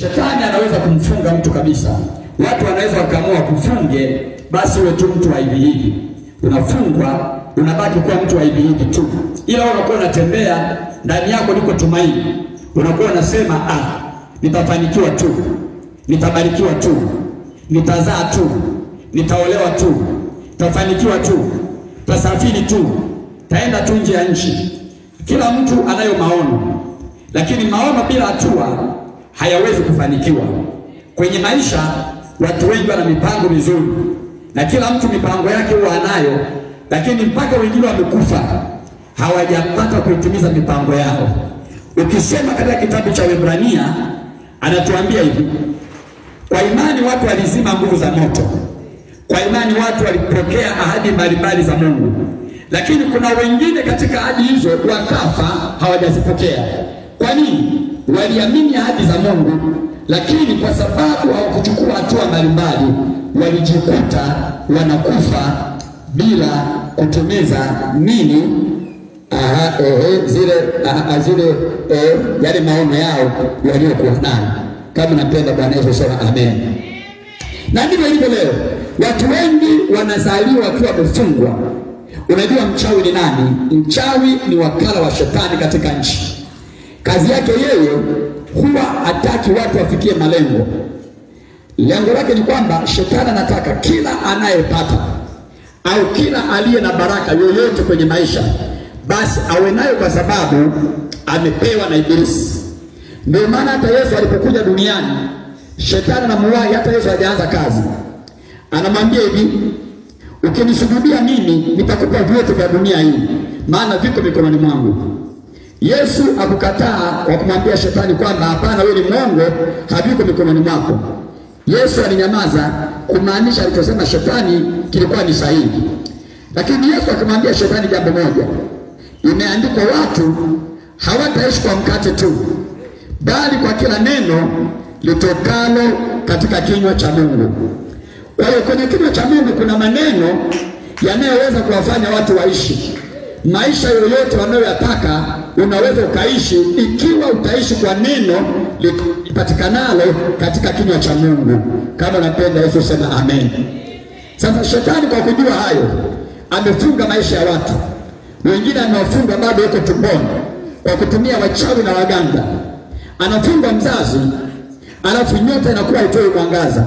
Shetani anaweza kumfunga mtu kabisa. Watu wanaweza wakaamua kufunge, basi uwe tu mtu wa hivi hivi, unafungwa unabaki kuwa mtu wa hivi hivi tu, ila unakuwa unatembea ndani yako liko tumaini, unakuwa unasema ah, nitafanikiwa tu, nitabarikiwa tu, nitazaa tu, nitaolewa tu, tafanikiwa tu, tasafiri tu, taenda tu nje ya nchi. Kila mtu anayo maono, lakini maono bila hatua hayawezi kufanikiwa. Kwenye maisha watu wengi wana mipango mizuri na kila mtu mipango yake huwa anayo, lakini mpaka wengine wamekufa hawajapata kuitimiza mipango yao. Ukisema katika kitabu cha Waebrania anatuambia hivi, kwa imani watu walizima nguvu za moto, kwa imani watu walipokea ahadi mbalimbali za Mungu, lakini kuna wengine katika ahadi hizo wakafa hawajazipokea. Kwa nini? waliamini ahadi za Mungu, lakini kwa sababu hawakuchukua hatua mbalimbali, walijikuta wanakufa bila kutimiza nini, aha, ehe, zile, aha, zile eh, yale maono yao waliokuwa nayo. Kama napenda Bwana Yesu sema amen. Na ndivyo ilivyo leo, watu wengi wanazaliwa wakiwa wamefungwa. Unajua mchawi ni nani? Mchawi ni wakala wa shetani katika nchi Kazi yake yeye huwa hataki watu wafikie malengo. Lengo lake ni kwamba shetani anataka kila anayepata au kila aliye na baraka yoyote kwenye maisha basi awe nayo kwa sababu amepewa na Ibilisi. Ndio maana hata Yesu alipokuja duniani shetani anamuwahi, hata Yesu hajaanza kazi, anamwambia hivi, ukinisujudia mimi nitakupa vyote vya dunia hii, maana viko mikononi mwangu. Yesu akukataa kwa kumwambia shetani kwamba hapana, wewe ni mwongo, haviko mikononi mwako. Yesu alinyamaza kumaanisha alichosema shetani kilikuwa ni sahihi. Lakini Yesu akamwambia shetani jambo moja, imeandikwa, watu hawataishi kwa mkate tu, bali kwa kila neno litokalo katika kinywa cha Mungu. Kwa hiyo kwenye kinywa cha Mungu kuna maneno yanayoweza kuwafanya watu waishi. Maisha yoyote wanayoyataka unaweza ukaishi, ikiwa utaishi kwa neno lipatikanalo katika kinywa cha Mungu. Kama unapenda Yesu, sema amen. Sasa shetani kwa kujua hayo amefunga maisha ya watu wengine, anaofunga bado yuko tumboni kwa kutumia wachawi na waganga, anafunga mzazi, alafu nyota inakuwa itoe mwangaza.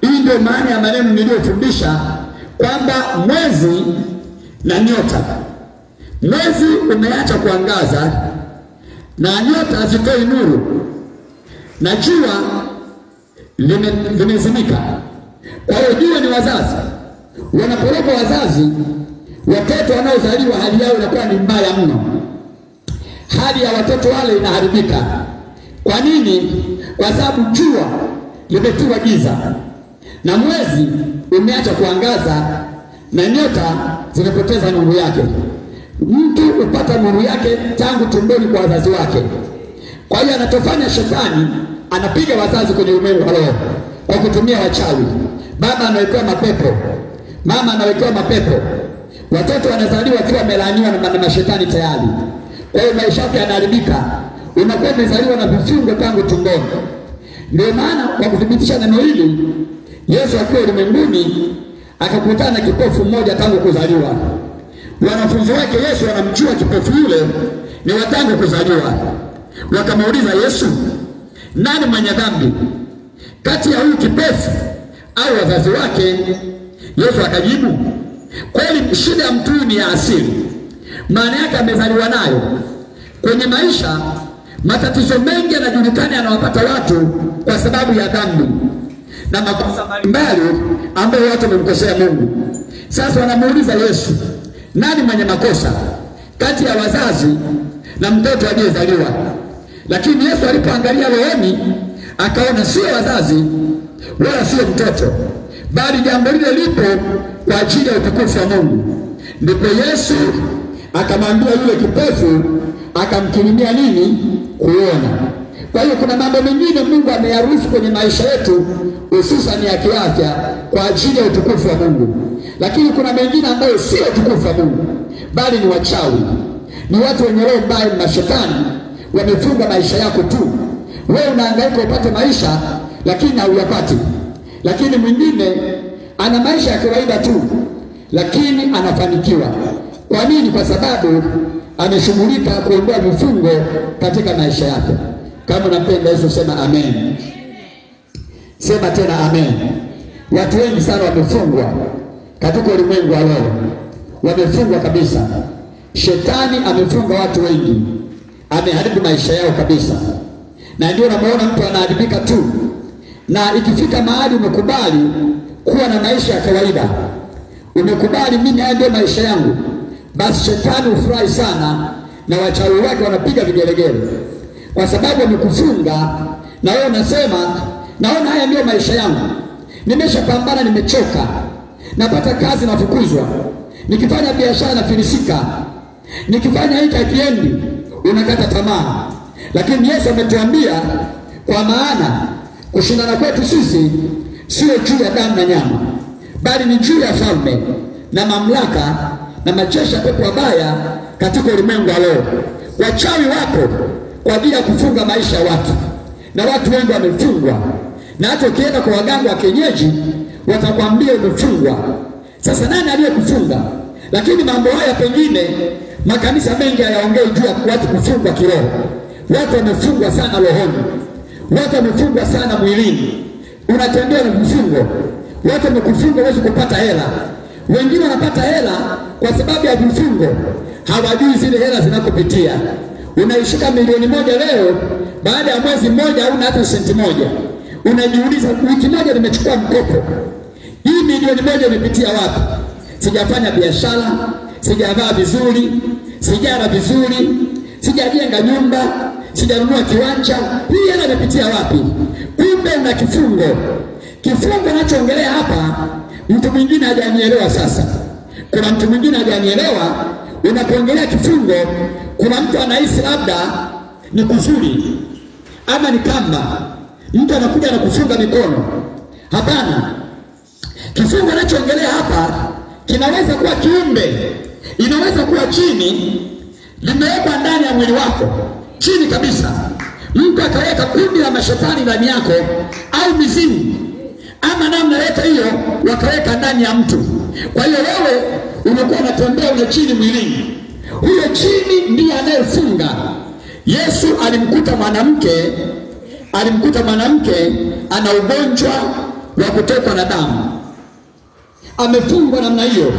Hii ndio maana ya maneno niliyofundisha kwamba mwezi na nyota Mwezi umeacha kuangaza na nyota hazitoi nuru na jua limezimika. Kwa hiyo jua ni wazazi, wanaporoka wazazi, watoto wanaozaliwa hali yao inakuwa ni mbaya mno. Hali ya watoto wale inaharibika. Kwa nini? Kwa sababu jua limetiwa giza na mwezi umeacha kuangaza na nyota zimepoteza nuru yake. Mtu hupata nuru yake tangu tumboni kwa wazazi wake. Kwa hiyo anachofanya shetani, anapiga wazazi kwenye umeme wa roho kwa kutumia wachawi. Baba anawekewa mapepo, mama anawekewa mapepo, watoto wanazaliwa wakiwa wamelaaniwa na mashetani tayari. Kwa hiyo maisha yake yanaharibika, unakuwa umezaliwa na vifungo tangu tumboni. Ndio maana kwa kuthibitisha neno hili, Yesu akiwa ulimwenguni akakutana na kipofu mmoja tangu kuzaliwa. Wanafunzi wake Yesu wanamjua kipofu yule ni watangu kuzaliwa. Wakamuuliza Yesu, nani mwenye dhambi kati ya huyu kipofu au wazazi wake? Yesu akajibu, kweli shida ya mtu ni ya asili, maana yake amezaliwa nayo. Kwenye maisha matatizo mengi yanajulikana yanawapata watu kwa sababu ya dhambi na makosa mbalimbali ambayo watu wamemkosea Mungu. Sasa wanamuuliza Yesu nani mwenye makosa kati ya wazazi na mtoto aliyezaliwa? Lakini Yesu alipoangalia rohoni, akaona sio wazazi wala sio mtoto, bali jambo lile lipo kwa ajili ya utukufu wa Mungu. Ndipo Yesu akamwambia yule kipofu, akamkirimia nini? Kuona. Kwa hiyo kuna mambo mengine Mungu ameyaruhusu kwenye maisha yetu, hususani ya kiafya, kwa ajili ya utukufu wa Mungu lakini kuna mengine ambayo siyo tukufu wa Mungu, bali ni wachawi, ni watu wenye roho mbaya, ni mashetani wamefunga maisha yako tu. Wewe unahangaika upate maisha, lakini hauyapati. Lakini mwingine ana maisha ya kawaida tu, lakini anafanikiwa. Kwa nini? Kwa sababu ameshughulika kuondoa vifungo katika maisha yake. Kama unampenda Yesu, sema amen. Sema tena amen. Watu wengi sana wamefungwa katika ulimwengu wa leo wamefungwa kabisa. Shetani amefunga watu wengi, ameharibu maisha yao kabisa, na ndio unamuona mtu anaharibika tu, na ikifika mahali umekubali kuwa na maisha ya kawaida, umekubali mimi haya ndio maisha yangu, basi shetani hufurahi sana, na wachawi wake wanapiga vigelegele, kwa sababu amekufunga na wewe unasema, naona haya ndiyo maisha yangu, nimeshapambana, nimechoka napata kazi nafukuzwa, nikifanya biashara nafilisika, nikifanya hiki hakiendi, unakata tamaa. Lakini Yesu ametuambia, kwa maana kushindana kwetu sisi sio juu ya damu na nyama, bali ni juu ya falme na mamlaka na majeshi ya pepo wabaya katika ulimwengu wa leo. Wachawi wapo kwa ajili ya kufunga maisha ya watu, na watu wengi wamefungwa, na hata ukienda kwa waganga wa kienyeji watakwambia umefungwa. Sasa nani aliyekufunga? Lakini mambo haya pengine makanisa mengi hayaongei juu ya watu kufungwa kiroho. Watu wamefungwa sana rohoni, watu wamefungwa sana mwilini, unatembea na vifungo. Watu wamekufungwa, huwezi kupata hela. Wengine wanapata hela kwa sababu ya vifungo, hawajui zile hela zinakopitia. Unaishika milioni moja leo, baada ya mwezi mmoja hauna hata senti moja. Unajiuliza, wiki moja nimechukua mkopo hii milioni moja imepitia wapi? Sijafanya biashara, sijavaa vizuri, sijara vizuri, sijajenga nyumba, sijanunua kiwanja. Hii hela imepitia wapi? Kumbe na kifungo. Kifungo nachoongelea hapa, mtu mwingine hajanielewa. Sasa kuna mtu mwingine hajanielewa. Unapoongelea kifungo, kuna mtu anahisi labda ni kuzuri ama ni kamba, mtu anakuja na kufunga mikono. Hapana. Kifungu anachoongelea hapa kinaweza kuwa kiumbe, inaweza kuwa chini, limewekwa ndani ya mwili wako chini kabisa, mtu akaweka kundi la mashetani ndani yako, au mizimu ama namna leta hiyo, wakaweka ndani ya mtu. Kwa hiyo wewe umekuwa unatembea ule chini mwilini, huyo chini ndiye anayefunga. Yesu alimkuta mwanamke, alimkuta mwanamke ana ugonjwa wa kutokwa na damu amefungwa namna hiyo,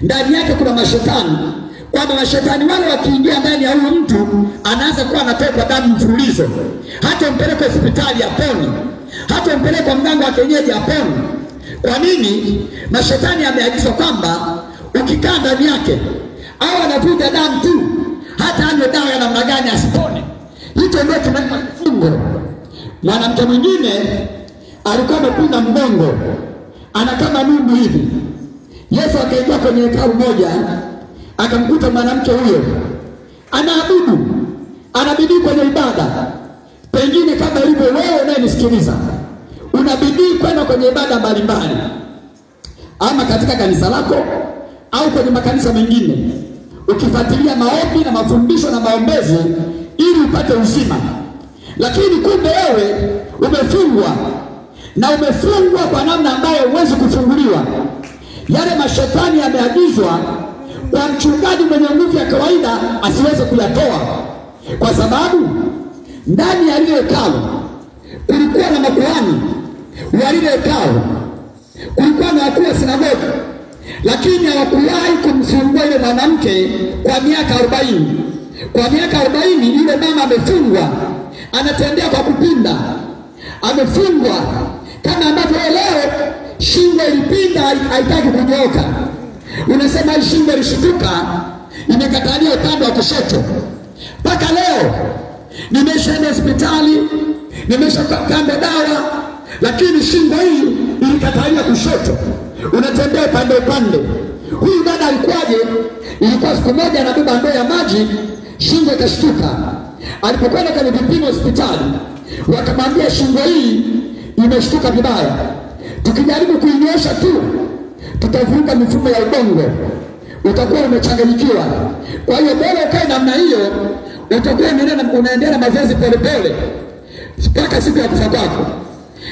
ndani yake kuna mashetani, kwamba mashetani wale wakiingia ndani ya huyu mtu anaanza kuwa anapelekwa damu mfululizo. Hata mpeleke hospitali haponi, hata mpeleke kwa mganga wa kienyeji haponi. Kwa nini? Mashetani ameagizwa kwamba ukikaa ndani yake au anavuja damu tu, hata anywe dawa ya namna gani asipone. Hicho ndio kinaa kifungo. Mwanamke mwingine alikuwa amepinda mgongo ana kama nundu hivi. Yesu akaingia kwenye hekalu moja, akamkuta mwanamke huyo anaabudu, anabidii kwenye ibada. Pengine kama ilivyo wewe unayenisikiliza, unabidii kwenda kwenye ibada mbalimbali, ama katika kanisa lako au kwenye makanisa mengine, ukifuatilia maombi na mafundisho na maombezi ili upate uzima, lakini kumbe wewe umefungwa na umefungwa kwa namna ambayo huwezi kufunguliwa. Yale mashetani yameagizwa kwa mchungaji mwenye nguvu ya kawaida asiweze kuyatoa, kwa sababu ndani ya lile hekalu kulikuwa na makuhani wa lile hekalu, kulikuwa na wakuu wa sinagogi, lakini hawakuwahi kumfungua yule mwanamke kwa miaka arobaini. Kwa miaka arobaini yule mama amefungwa, anatembea kwa kupinda, amefungwa kama ambavyo leo shingo ilipinda, haitaki kunyoka, unasema hii shingo ilishutuka, imekatalia upande wa kushoto. Mpaka leo nimeshaenda hospitali, nimeshakanda dawa, lakini shingo hii ilikatalia kushoto, unatembea upande upande. Huyu dada alikuwaje? Ilikuwa siku moja anabeba ndoo ya maji, shingo ikashtuka. Alipokwenda kwenye vipimo hospitali, wakamwambia shingo hii imeshtuka vibaya. Tukijaribu kuinyosha tu, tutavuruka mifumo ya ubongo, utakuwa umechanganyikiwa. Kwa hiyo bora ukae namna hiyo, utakuwa unaendelea na mazoezi polepole mpaka siku ya kufa kwako.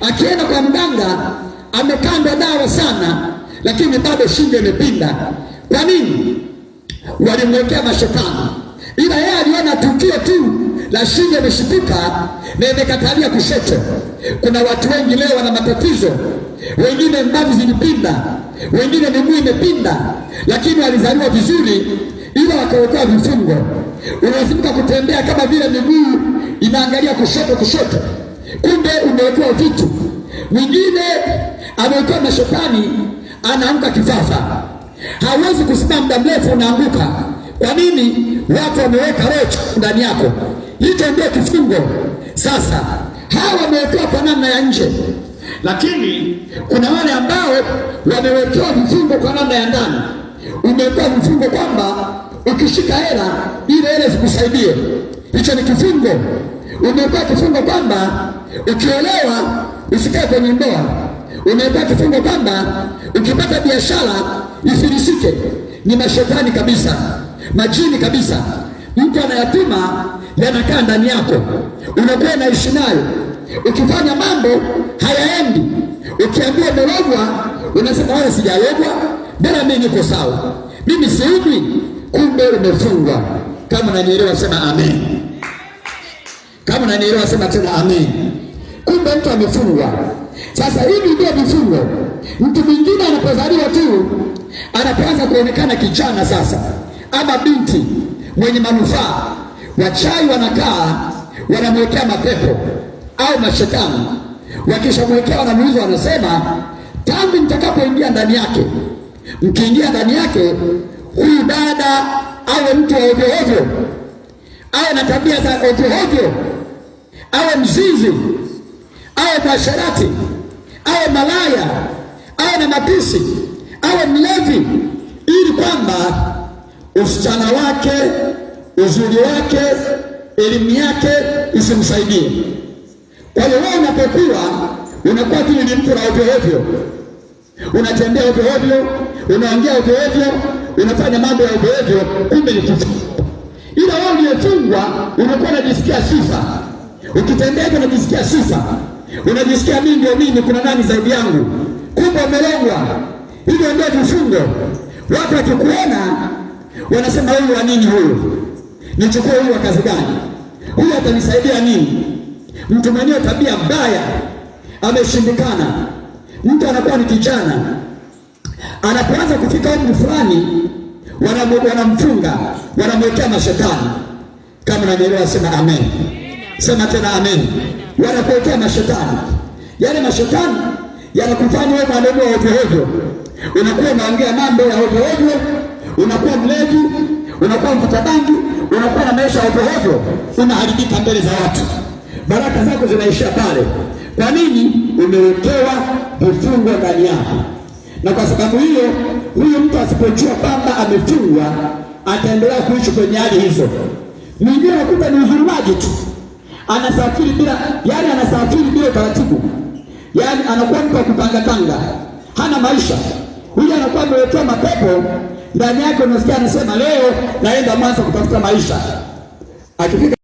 Akienda kwa mganga, amekandwa dawa sana, lakini bado shingo imepinda. Kwa nini? Walimwekea mashetani ila yeye aliona tukio tu la shingo imeshipika na imekatalia kushoto. Kuna watu wengi leo wana matatizo, wengine mbavu zilipinda, wengine miguu imepinda, lakini walizaliwa vizuri, ila wakawekewa vifungo. Unalazimika kutembea kama vile miguu inaangalia kushoto kushoto, kumbe umewekewa vitu. Mwingine amewekewa na shetani, anaanguka kifafa, hawezi kusimama muda mrefu, unaanguka kwa nini watu wameweka roho ndani yako? Hicho ndio kifungo. Sasa hawa wamewekewa kwa namna ya nje, lakini kuna wale ambao wamewekewa vifungo kwa namna ya ndani. Umewekewa vifungo kwamba ukishika hela ile hela zikusaidie, hicho ni kifungo. Umewekewa kifungo kwamba ukiolewa usikae kwenye ndoa. Umewekewa kifungo kwamba ukipata biashara isirisike. Ni mashetani kabisa. Majini kabisa, mtu anayapima yanakaa ndani yako, unakuwa naishi nayo. Ukifanya mambo hayaendi, ukiambia umelogwa, unasema wewe, sijalogwa, mbona mimi niko sawa, mimi siumwi. Kumbe umefungwa. Kama unanielewa sema amen. Kama unanielewa sema tena amen. Kumbe mtu amefungwa. Sasa hivi ndio vifungo. Mtu mwingine anapozaliwa tu anapoanza kuonekana kijana sasa ama binti wenye manufaa. Wachawi wanakaa wanamwekea mapepo au mashetani, wakishamwekea wanamuuza, wanasema tangu mtakapoingia ndani yake, mkiingia ndani yake, huyu dada awe mtu wa ovyo ovyo, awe na tabia za ovyo ovyo, awe mzinzi, awe mwasherati, awe malaya, awe na mapisi, awe mlevi, ili kwamba usichana wake, uzuri wake, elimu yake isimsaidie. Kwa hiyo wewe unapokuwa unakuwa tu ni mtu na ovyo ovyo, unatembea ovyo ovyo, unaongea ovyo ovyo, unafanya mambo ya ovyo ovyo, kumbe ni kifo. Ila wewe uliyefungwa unakuwa unajisikia sifa, ukitembea hivyo unajisikia sifa, unajisikia mimi ndio mimi, kuna nani zaidi yangu? Kumbe umelengwa. Hivyo ndio vifungo. Watu wakikuona Wanasema huyu wa nini? Huyu nichukue huyu wa kazi gani? Huyu atanisaidia nini? Mtu mwenyewe tabia mbaya ameshindikana. Mtu anakuwa ni kijana, anapoanza kufika umri fulani, wanamfunga, wanamwekea mashetani. Kama unanielewa sema amen, sema tena amen. Wanakuwekea mashetani, yale mashetani yanakufanya wewe mwanadamu wa ovyo ovyo, unakuwa unaongea mambo ya ovyo ovyo unakuwa mlevi, unakuwa mvuta bangi, unakuwa na maisha ya una unaharibika mbele za watu, baraka zako zinaishia pale. Kwa nini? Umewekewa vifungo ndani yako, na kwa sababu hiyo, huyu mtu asipojua kwamba amefungwa, ataendelea kuishi kwenye hali hizo. Mwingine akuta ni mharibaji tu, anasafiri bila, yani anasafiri bila taratibu, yani anakuwa mtu wa kupanga panga, hana maisha. Huyu anakuwa amewekewa mapepo ndani yake unasikia anasema leo naenda Mwanza kutafuta maisha, akifika